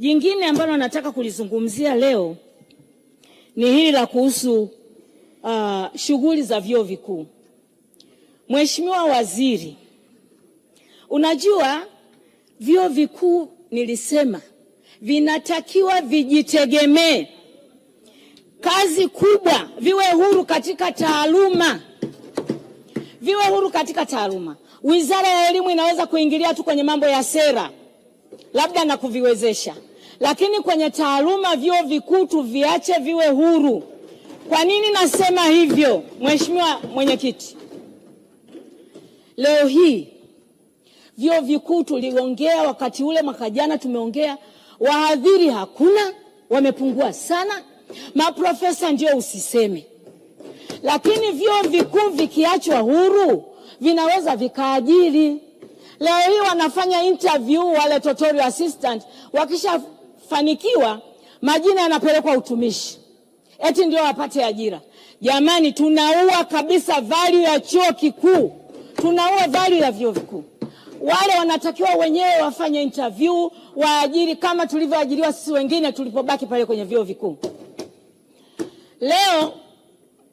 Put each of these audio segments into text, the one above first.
Jingine ambalo nataka kulizungumzia leo ni hili la kuhusu uh, shughuli za vyuo vikuu. Mheshimiwa Waziri, unajua vyuo vikuu nilisema vinatakiwa vijitegemee, kazi kubwa, viwe huru katika taaluma, viwe huru katika taaluma. Wizara ya Elimu inaweza kuingilia tu kwenye mambo ya sera labda na kuviwezesha lakini kwenye taaluma vyuo vikuu tuviache viwe huru. Kwa nini nasema hivyo, Mheshimiwa Mwenyekiti? Leo hii vyuo vikuu tuliongea wakati ule mwaka jana, tumeongea wahadhiri hakuna, wamepungua sana, maprofesa ndio usiseme. Lakini vyuo vikuu vikiachwa huru vinaweza vikaajiri. Leo hii wanafanya interview wale tutorial assistant wakisha wakifanikiwa majina yanapelekwa utumishi, eti ndio wapate ajira. Jamani, tunaua kabisa value ya chuo kikuu, tunaua value ya vyuo vikuu. Wale wanatakiwa wenyewe wafanye interview, waajiri kama tulivyoajiriwa sisi wengine tulipobaki pale kwenye vyuo vikuu. Leo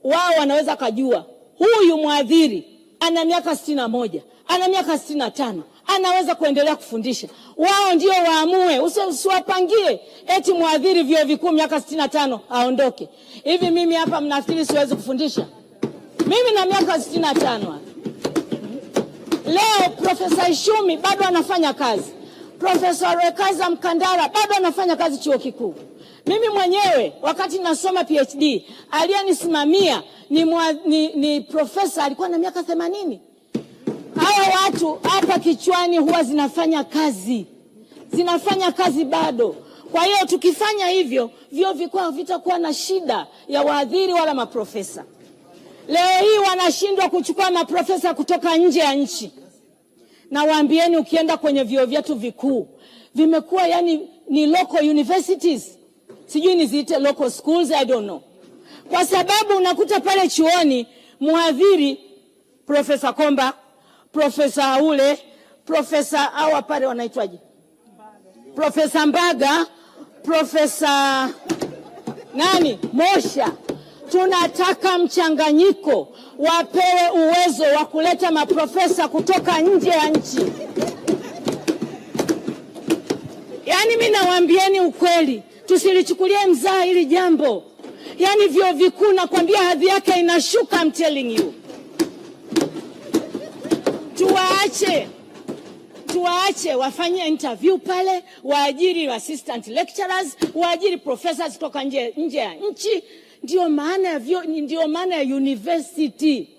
wao wanaweza kajua huyu mwadhiri ana miaka sitini na moja ana miaka sitini na tano anaweza kuendelea kufundisha. Wao ndio waamue, usiwapangie eti mwadhiri vyuo vikuu miaka sitini na tano aondoke. Hivi mimi hapa mnafikiri siwezi kufundisha? Mimi na miaka sitini na tano leo. Profesa Ishumi bado anafanya kazi, Profesa rekaza Mkandara bado anafanya kazi chuo kikuu. Mimi mwenyewe wakati nasoma PhD aliyenisimamia ni, ni, ni profesa alikuwa na miaka themanini hawa watu hapa kichwani huwa zinafanya kazi, zinafanya kazi bado. Kwa hiyo tukifanya hivyo, vyuo vikuu havitakuwa na shida ya waadhiri wala maprofesa. Leo hii wanashindwa kuchukua maprofesa kutoka nje ya nchi, na waambieni, ukienda kwenye vyuo vyetu vikuu vimekuwa yani ni local universities, sijui niziite local schools, I don't know, kwa sababu unakuta pale chuoni mwadhiri Profesa Komba Profesa ule profesa awa pale wanaitwaje, Profesa Mbaga, Profesa nani Mosha. Tunataka mchanganyiko, wapewe uwezo wa kuleta maprofesa kutoka nje ya nchi. Yaani mi nawaambieni ukweli, tusilichukulie mzaa hili jambo. Yaani vyo vikuu nakwambia hadhi yake inashuka, I'm telling you tuwaache tuwaache wafanye interview pale, waajiri assistant lecturers, waajiri professors kutoka nje, nje ya nchi. Ndio maana ya vyo, ndio maana ya university.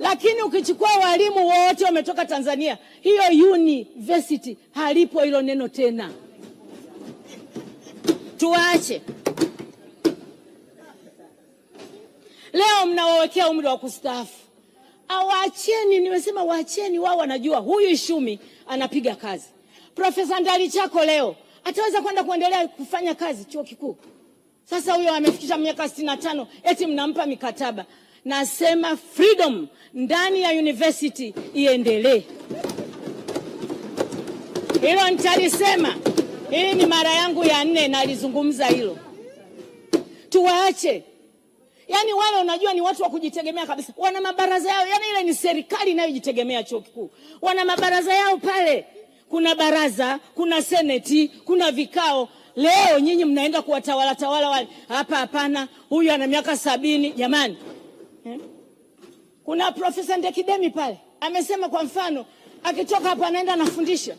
Lakini ukichukua walimu wote wametoka Tanzania, hiyo university halipo hilo neno tena. Tuwaache. Leo mnawawekea umri wa kustaafu awaacheni. Nimesema waacheni, wao wanajua. Huyu Ishumi anapiga kazi. Profesa Chako leo ataweza kwenda kuendelea kufanya kazi chuo kikuu? Sasa huyo amefikisha miaka sitini na tano eti mnampa mikataba. Nasema freedom ndani ya university iendelee. Hilo nitalisema, hii ni mara yangu ya nne nalizungumza hilo. Tuwaache Yaani wale unajua ni watu wa kujitegemea kabisa, wana mabaraza yao. Yaani ile ni serikali inayojitegemea. Chuo kikuu wana mabaraza yao pale, kuna baraza, kuna seneti, kuna vikao. Leo nyinyi mnaenda kuwatawala tawala wale hapa. Hapana, huyu ana miaka sabini jamani eh? Kuna Profesa Ndekidemi pale amesema, kwa mfano akitoka hapa anaenda anafundisha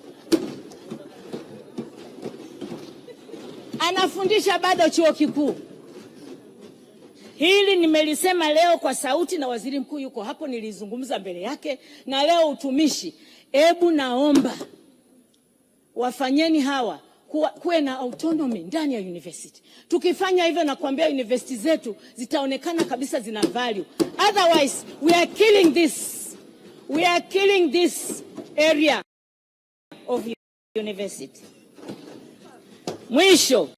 anafundisha bado chuo kikuu. Hili nimelisema leo kwa sauti, na waziri mkuu yuko hapo, nilizungumza mbele yake. Na leo utumishi, ebu naomba wafanyeni hawa kuwe na autonomy ndani ya university. Tukifanya hivyo, nakwambia university zetu zitaonekana kabisa zina value, otherwise we are killing this, we are killing this area of university. Mwisho.